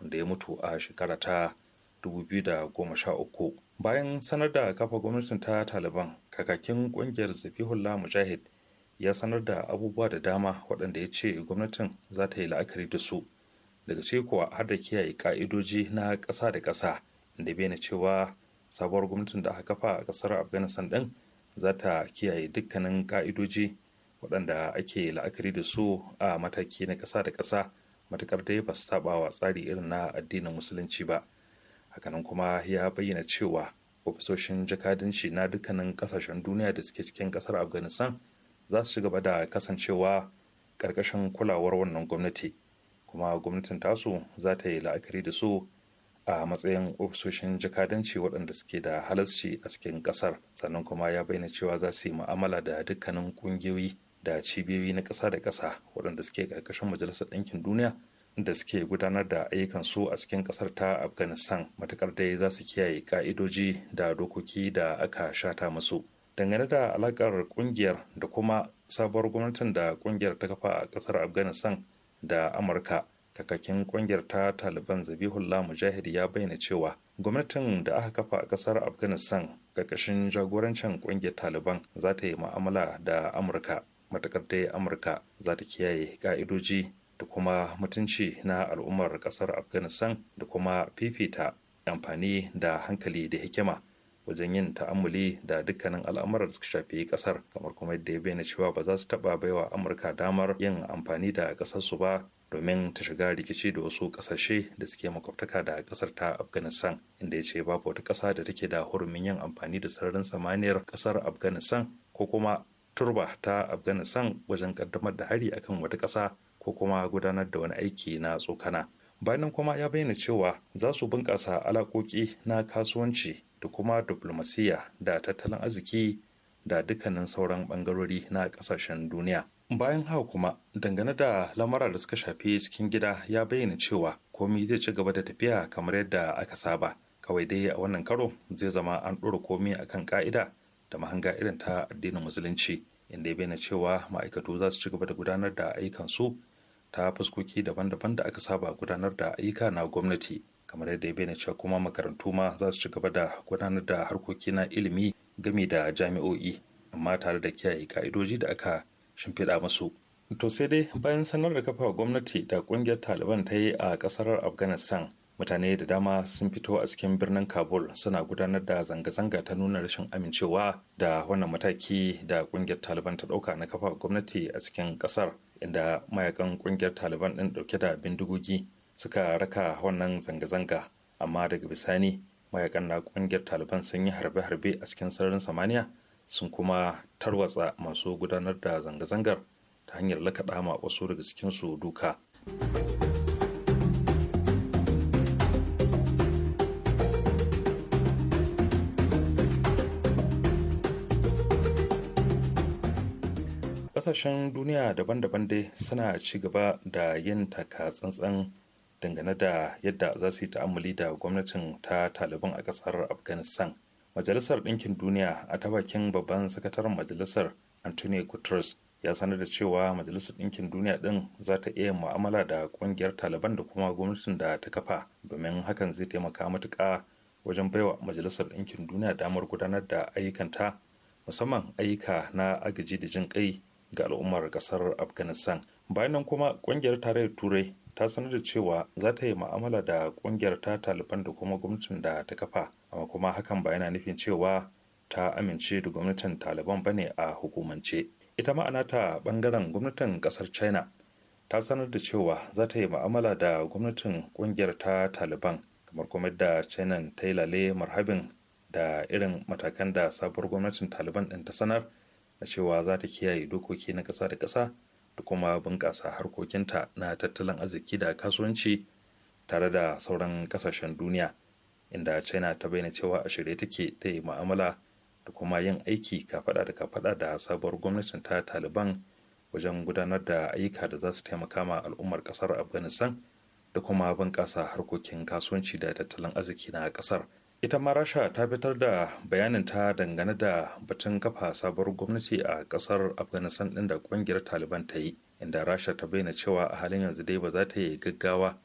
wanda ya mutu a shekara ta 2013 bayan sanar da kafa gwamnatin ta taliban kakakin kungiyar zafihullah mujahid ya sanar da abubuwa da dama waɗanda ya ce gwamnatin za ta yi la'akari da su daga ce kuwa har da kiyaye ka'idoji na ƙasa da ƙasa da bayyana cewa sabuwar gwamnatin da aka kafa a kasar afghanistan din za ta kiyaye dukkanin ka'idoji waɗanda ake la'akari da su a mataki na ƙasa da ƙasa matuƙar dai ba su saba wa tsari irin na addinin musulunci ba hakanan kuma ya bayyana cewa ofisoshin jakadanci na dukkanin ƙasashen duniya da suke cikin ƙasar afghanistan za su ci gaba da kasancewa ƙarƙashin kulawar wannan gwamnati kuma gwamnatin tasu za ta yi la'akari da su a matsayin ofisoshin jakadanci waɗanda suke da halasci a cikin ƙasar sannan kuma ya bayyana cewa za su yi mu'amala da dukkanin ƙungiyoyi da cibiyoyi na ƙasa da ƙasa waɗanda suke ƙarƙashin majalisar ɗinkin duniya da suke gudanar da ayyukan su a cikin ƙasar ta afghanistan matuƙar dai za su kiyaye ƙa'idoji da dokoki da aka shata musu dangane da alaƙar ƙungiyar da kuma sabuwar gwamnatin da ƙungiyar ta kafa a ƙasar afghanistan da amurka kakakin kungiyar ta taliban zabihullah mujahid ya bayyana cewa gwamnatin da aka kafa a kasar afghanistan karkashin jagorancin kungiyar taliban za ta yi ma'amala da amurka matakar dai amurka za ta kiyaye ka'idoji da kuma mutunci na al'ummar kasar afghanistan da kuma fifita amfani da hankali da hikima wajen yin ta'amuli da dukkanin al'amuran da suka shafi kasar kamar kuma yadda ya bayyana cewa ba za su taba baiwa amurka damar yin amfani da kasarsu ba domin ta shiga rikici da wasu kasashe da suke makwabtaka da ƙasar ta afghanistan inda ya ce babu wata ƙasa da take da hurumin yin amfani da sararin samaniyar ƙasar afghanistan ko kuma turba ta afghanistan wajen ƙaddamar da hari akan wata ƙasa ko kuma gudanar da wani aiki na tsokana bayan kuma ya bayyana cewa za su bunƙasa alaƙoƙi na kasuwanci da kuma diplomasiya da tattalin arziki da dukkanin sauran ɓangarori na ƙasashen duniya bayan haka kuma dangane da lamara da suka shafi cikin gida ya bayyana cewa komi zai ci gaba da tafiya kamar yadda aka saba kawai dai a wannan karo zai zama an ɗora komi akan ka'ida da mahanga irin ta addinin musulunci inda ya bayyana cewa ma'aikatu za su ci gaba da gudanar da ayyukansu ta fuskoki daban-daban da aka saba gudanar da ayyuka na gwamnati kamar yadda ya bayyana cewa kuma makarantu ma za su ci gaba da gudanar da harkoki na ilimi gami da jami'o'i amma tare da kiyaye ka'idoji da aka shimfiɗa masu to sai dai bayan sanar da kafa gwamnati da ƙungiyar taliban ta yi a ƙasar afghanistan mutane da dama sun fito a cikin birnin kabul suna gudanar da zanga-zanga ta nuna rashin amincewa da wannan mataki da kungiyar taliban ta ɗauka na kafa gwamnati a cikin kasar inda mayakan kungiyar taliban din ɗauke da bindigogi suka raka wannan zanga-zanga amma daga bisani mayakan na kungiyar taliban sun yi harbe-harbe a cikin sararin samaniya sun kuma tarwatsa masu gudanar da zanga-zangar ta hanyar lakaɗa ma wasu daga su duka. ƙasashen duniya daban-daban dai suna ci gaba da yin taka tsantsan dangane da yadda za su yi ta'amali da gwamnatin ta taliban a ƙasar afghanistan majalisar ɗinkin duniya a ta bakin babban sakataren majalisar antonio guterres ya sanar da cewa majalisar ɗinkin duniya ɗin za ta iya mu'amala da ƙungiyar taliban da kuma gwamnatin da ta kafa domin hakan zai taimaka matuƙa wajen baiwa majalisar ɗinkin duniya damar gudanar da ayyukanta musamman ayyuka na agaji da jin kai ga al'ummar ƙasar afghanistan bayan nan kuma ƙungiyar tarayyar turai ta sanar da cewa za ta yi ma'amala da kungiyar ta taliban da kuma gwamnatin da ta kafa amma kuma hakan ba yana nufin cewa ta amince da gwamnatin taliban ba ne a hukumance ita ma'ana ta bangaren gwamnatin kasar china ta sanar da cewa za ta yi ma'amala da gwamnatin kungiyar ta taliban kamar kuma da china ta yi lale marhabin da irin matakan da sabuwar gwamnatin taliban ɗin ta sanar da cewa za ta kiyaye dokoki na ƙasa da ƙasa da kuma bunƙasa harkokinta na tattalin arziki da kasuwanci tare da sauran ƙasashen duniya inda china ta bayyana cewa a shirye take ta yi ma'amala da kuma yin aiki kafaɗa da kafaɗa da sabuwar gwamnatin ta taliban wajen gudanar da ayyuka da za su taimaka ma al'ummar kasar afghanistan da kuma bunƙasa harkokin kasuwanci da tattalin arziki na ƙasar. ita ma rasha ta fitar da bayanin ta dangane da batun kafa sabuwar gwamnati a kasar afghanistan din da kungiyar taliban ta yi inda rasha ta bayyana cewa a halin yanzu dai ba za ta yi gaggawa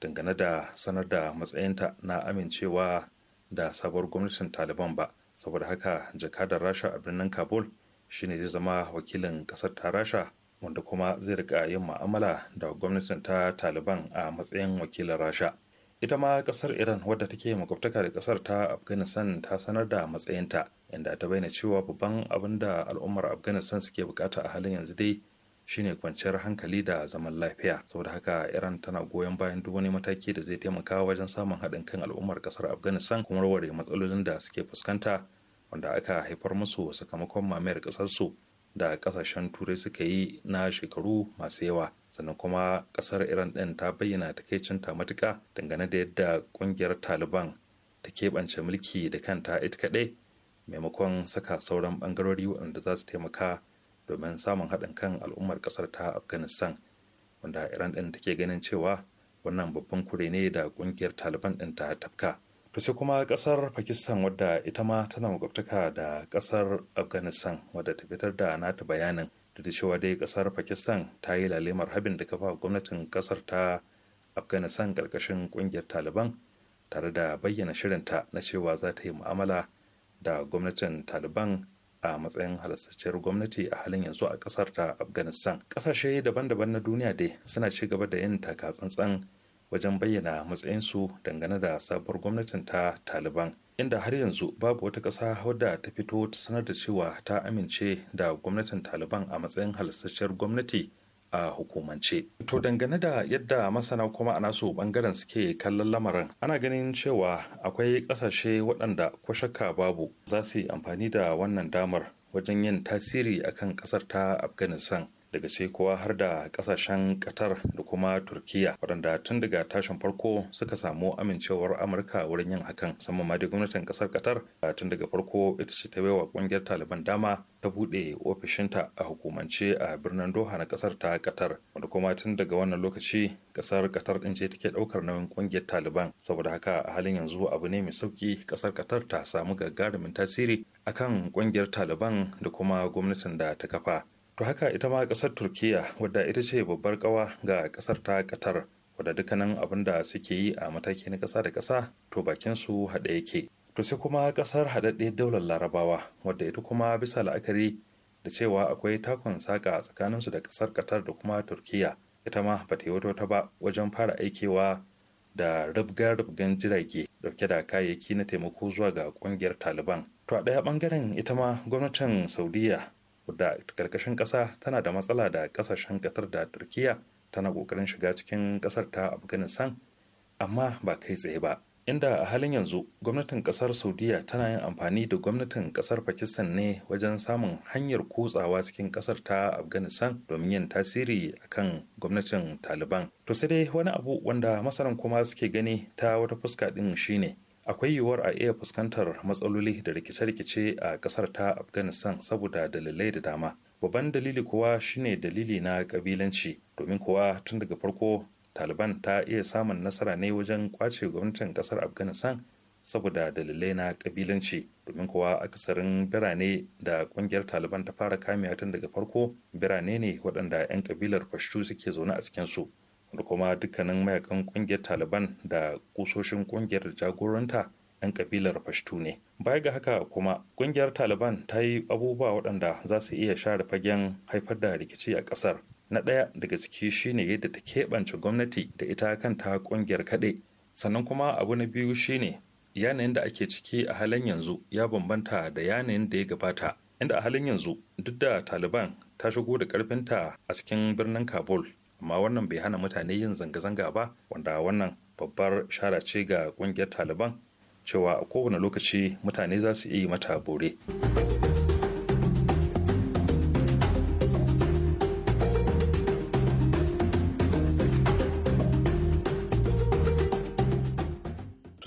dangane da sanar da matsayinta na amincewa da sabuwar gwamnatin taliban ba saboda haka jakadar rasha a birnin kabul shine zai zama wakilin kasar ta rasha wanda kuma zai rika yin ma'amala da gwamnatin ta taliban a matsayin wakilin rasha ita ma kasar iran wadda take makwabtaka da kasar ta afghanistan ta sanar da matsayinta inda ta bayyana cewa babban abin da al'ummar afghanistan suke bukata a halin yanzu dai shine kwanciyar hankali da zaman lafiya saboda haka iran tana goyon bayan duk wani mataki da zai taimaka wajen samun haɗin kan al'ummar kasar afghanistan kuma warware matsalolin da suke fuskanta wanda aka haifar musu sakamakon mamayar kasarsu da kasashen turai suka yi na shekaru masu yawa sannan kuma kasar iran din ta bayyana takaicinta matuka dangane da yadda kungiyar taliban ta keɓance mulki da kanta ita kaɗai maimakon saka sauran bangarori waɗanda za su taimaka domin samun haɗin kan al'ummar ƙasar ta afghanistan wanda iran ɗin take ganin cewa wannan babban kure ne da ƙungiyar taliban ɗin ta tafka to sai kuma ƙasar pakistan wadda ita ma tana makwabtaka da ƙasar afghanistan wadda ta fitar da nata bayanin da ta cewa dai kasar pakistan ta yi lalemar habin da kafa gwamnatin kasar ta afghanistan karkashin kungiyar taliban tare da bayyana shirinta na cewa za ta yi mu'amala da gwamnatin taliban a matsayin halastacciyar gwamnati a halin yanzu a kasar ta afghanistan kasashe daban-daban na duniya dai suna ci gaba da yin taka tsantsan wajen bayyana matsayinsu dangane da sabuwar gwamnatin ta taliban inda har yanzu babu wata ƙasa wadda ta fito ta sanar da cewa ta amince da gwamnatin taliban a matsayin halastacciyar gwamnati a hukumance. To dangane da yadda masana kuma a nasu bangaren suke kallon lamarin ana ganin cewa akwai ƙasashe waɗanda ko shakka babu za su yi amfani da wannan damar wajen yin tasiri akan ƙasar ta afghanistan daga sai kowa har da kasashen qatar da kuma turkiya waɗanda tun daga tashin farko suka samu amincewar amurka wurin yin hakan musamman ma da gwamnatin kasar qatar tun daga farko ita ce ta baiwa ƙungiyar taliban dama ta buɗe ofishinta a hukumance a birnin doha na kasar ta qatar wanda kuma tun daga wannan lokaci kasar qatar ɗin ce take ɗaukar nauyin ƙungiyar taliban saboda haka a halin yanzu abu ne mai sauƙi ƙasar qatar ta samu gagarumin tasiri akan ƙungiyar taliban da kuma gwamnatin da ta kafa to haka ita ma kasar turkiya wadda ita ce babbar kawa ga ƙasar ta qatar wadda dukkanin abin da suke yi a mataki na kasa da ƙasa to bakin su haɗe yake to sai kuma ƙasar haɗaɗɗe daular larabawa wadda ita kuma bisa la'akari da cewa akwai takon saƙa su da ƙasar qatar da kuma turkiyya ita ma ba ta yi wata ba wajen fara aikewa da rubgar-rubgan jirage dauke da kayayyaki na taimako zuwa ga ƙungiyar taliban to a ɗaya ɓangaren ita ma gwamnatin saudiya da karkashin ƙasa tana da matsala da ƙasashen ƙatar da turkiya tana ƙoƙarin shiga cikin ƙasar ta afghanistan amma ba kai tsaye ba inda a halin yanzu gwamnatin ƙasar saudiya tana yin amfani da gwamnatin ƙasar pakistan ne wajen samun hanyar kutsawa cikin ƙasar ta afghanistan domin yin tasiri a kan gwamnatin taliban to sai dai wani abu wanda masaran kuma suke gani ta wata fuska ɗin shine akwai yiwuwar a iya fuskantar matsaloli da rikice-rikice a kasar ta afghanistan saboda dalilai da dama babban dalili kuwa shine dalili na kabilanci domin kuwa tun daga farko taliban ta iya samun nasara ne wajen kwace gwamnatin kasar afghanistan saboda dalilai na kabilanci domin kuwa akasarin birane da kungiyar taliban ta fara kamewa tun daga farko birane ne waɗanda 'yan kabilar fashtu suke zaune a cikinsu da kuma dukkanin mayakan kungiyar taliban da kusoshin kungiyar jagoranta 'yan kabilar fashtu ne baya ga haka kuma kungiyar taliban ta yi abubuwa waɗanda za su iya share fagen haifar da rikici a ƙasar na ɗaya daga ciki shine yadda ta keɓance gwamnati da ita kanta kungiyar kaɗe. sannan kuma abu na biyu shine yanayin da ake ciki a halin yanzu ya bambanta da yanayin da ya gabata inda a halin yanzu duk da taliban ta shigo da karfinta a cikin birnin kabul amma wannan bai hana mutane yin zanga-zanga ba wanda wannan babbar shara ce ga kungiyar taliban cewa a kowane lokaci mutane za su iya mata bore.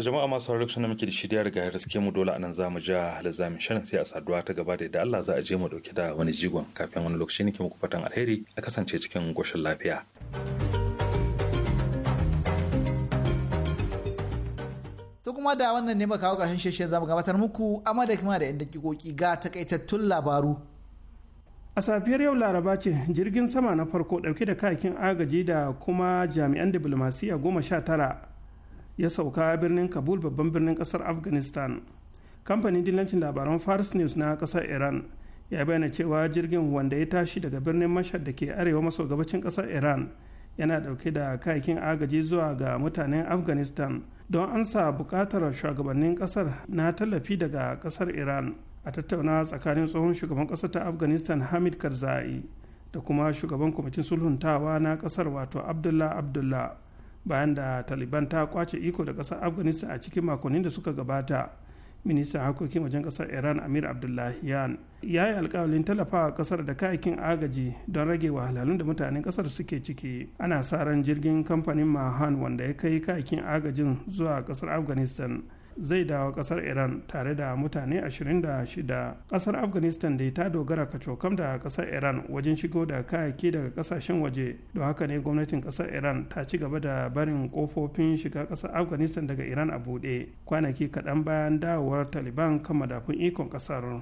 to jama'a masu sauraro lokacin da muke da shirya daga gaske mu dole anan zamu ja lazamin shirin sai a saduwa ta gaba da yadda Allah za a je mu dauke da wani jigon kafin wani lokaci nake muku fatan alheri a kasance cikin goshin lafiya. To kuma da wannan ne kawo ƙarshen shirin mu gabatar muku amma da kuma da yan dakikoki ga takaitattun labaru. A safiyar yau Laraba ce jirgin sama na farko dauke da kayakin agaji da kuma jami'an diplomasiya goma sha tara ya sauka birnin kabul babban birnin kasar afghanistan kamfanin dillancin labaran fars news na kasar iran ya bayyana cewa jirgin wanda ya tashi daga birnin mashhad da ke arewa maso gabacin kasar iran yana dauke da kayakin agaji zuwa ga mutanen afghanistan don ansa bukatar shugabannin kasar na tallafi daga kasar iran a tattauna tsakanin tsohon shugaban kasar ta afghanistan hamid karzai da kuma shugaban kwamitin sulhuntawa na kasar wato abdullah abdullah bayan da taliban ta kwace iko da ƙasar afghanistan a cikin makonnin da suka gabata ministan harkokin wajen ƙasar iran amir yan. ya yi alkawalin tallafawa kasar da kayakin agaji don rage wahalhalun da mutanen ƙasar suke ciki ana sa ran jirgin kamfanin mahan wanda ya kai kayakin agajin zuwa ƙasar afghanistan zai dawo kasar iran tare da mutane 26 kasar afghanistan da ta dogara ka cokam da kasar iran wajen shigo da kayayyaki daga kasashen waje don haka ne gwamnatin kasar iran ta ci gaba da barin kofofin shiga kasar afghanistan daga iran a buɗe kwanaki kaɗan bayan dawowar taliban kan madafun ikon kasar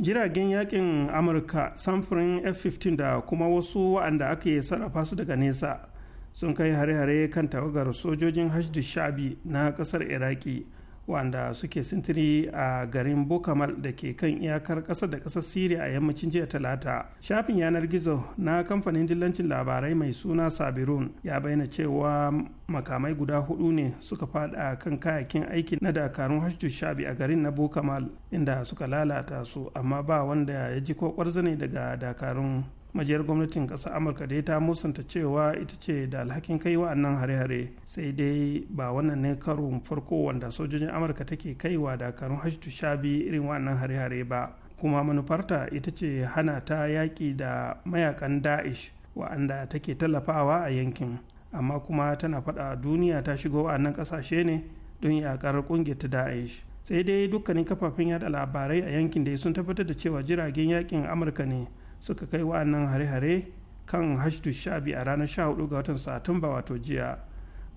jiragen yakin amurka samfurin f-15 da kuma wasu wa'anda aka sarrafa su daga nesa sun kai hare-hare kan tawagar sojojin hajji shabi na kasar iraki wanda suke sintiri a garin bokamal da ke kan iyakar ƙasa da ƙasar siriya a yammacin jiya talata shafin yanar gizo na kamfanin dillancin labarai mai suna sabirun ya bayyana cewa makamai guda hudu ne suka fada kan kayakin aiki na dakarun hajjus shabi a garin na bokamal inda suka lalata su amma ba wanda ya ji ko daga dakarun majiyar gwamnatin ƙasar amurka dai ta musanta cewa ita ce da alhakin kai wa'annan hare-hare sai dai ba wannan ne karon farko wanda sojojin amurka take kaiwa dakarun hashtu shabi irin wa'annan hare-hare ba kuma manufarta ita ce hana ta yaƙi da mayakan da'ish wa'anda take tallafawa a yankin amma kuma tana faɗa duniya ta shigo wa'annan ƙasashe ne don yaƙar ƙungiyar ta da'ish sai dai dukkanin kafafen yada labarai a yankin da sun tabbatar da cewa jiragen yaƙin amurka ne suka kai wa'annan hare-hare kan hashdu shabi a ranar sha hudu ga watan satumba wato jiya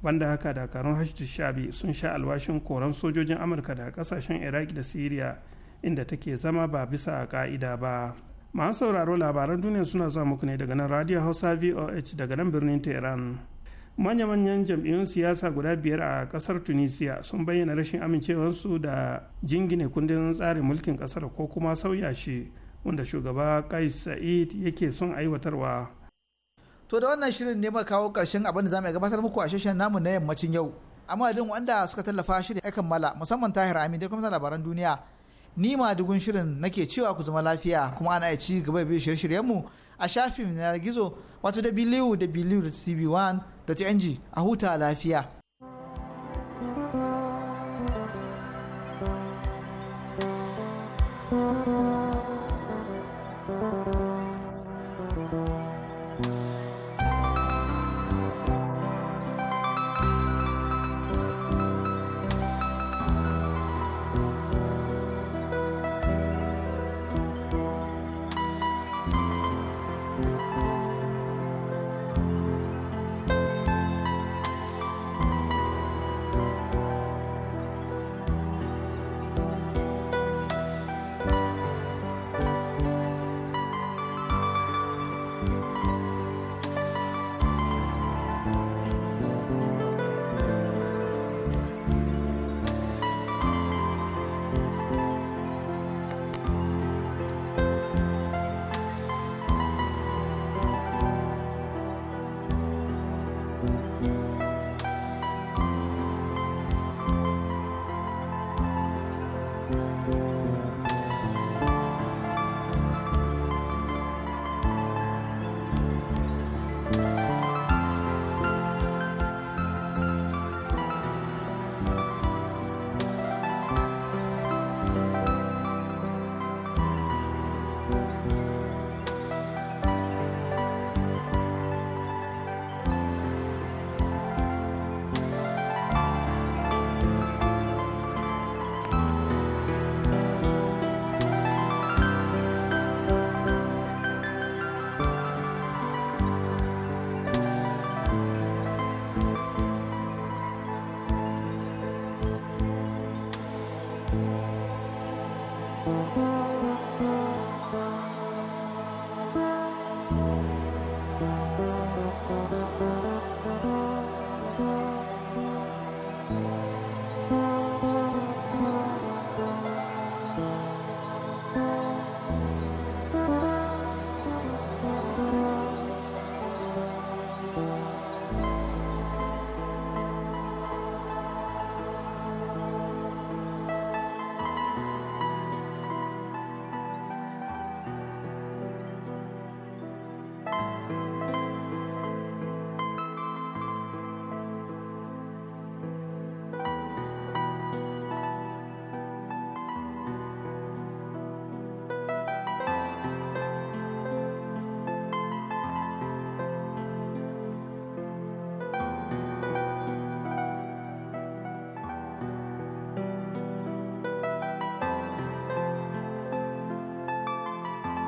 banda haka dakarun hashdu shabi sun sha alwashin koran sojojin amurka da kasashen iraki da siriya inda take zama ba bisa ka'ida ba masu sauraro labaran duniya suna zuwa muku ne daga nan radio hausa voh daga nan birnin tehran manya-manyan jam'iyyun siyasa guda biyar a kasar tunisia sun bayyana rashin amincewarsu da jingine kundin tsarin mulkin kasar ko kuma sauya shi wanda shugaba kais sa'id yake son aiwatarwa to da wannan shirin ne muka kawo karshen abin da zamu gabatar muku a shashen namu na yammacin yau amma din wanda suka tallafa shirin ya kammala musamman tahir amin da kuma labaran duniya ni ma dugun shirin nake cewa ku zama lafiya kuma ana ci gaba bi shirye-shiryen mu a shafin na gizo wato www.tv1.ng a huta lafiya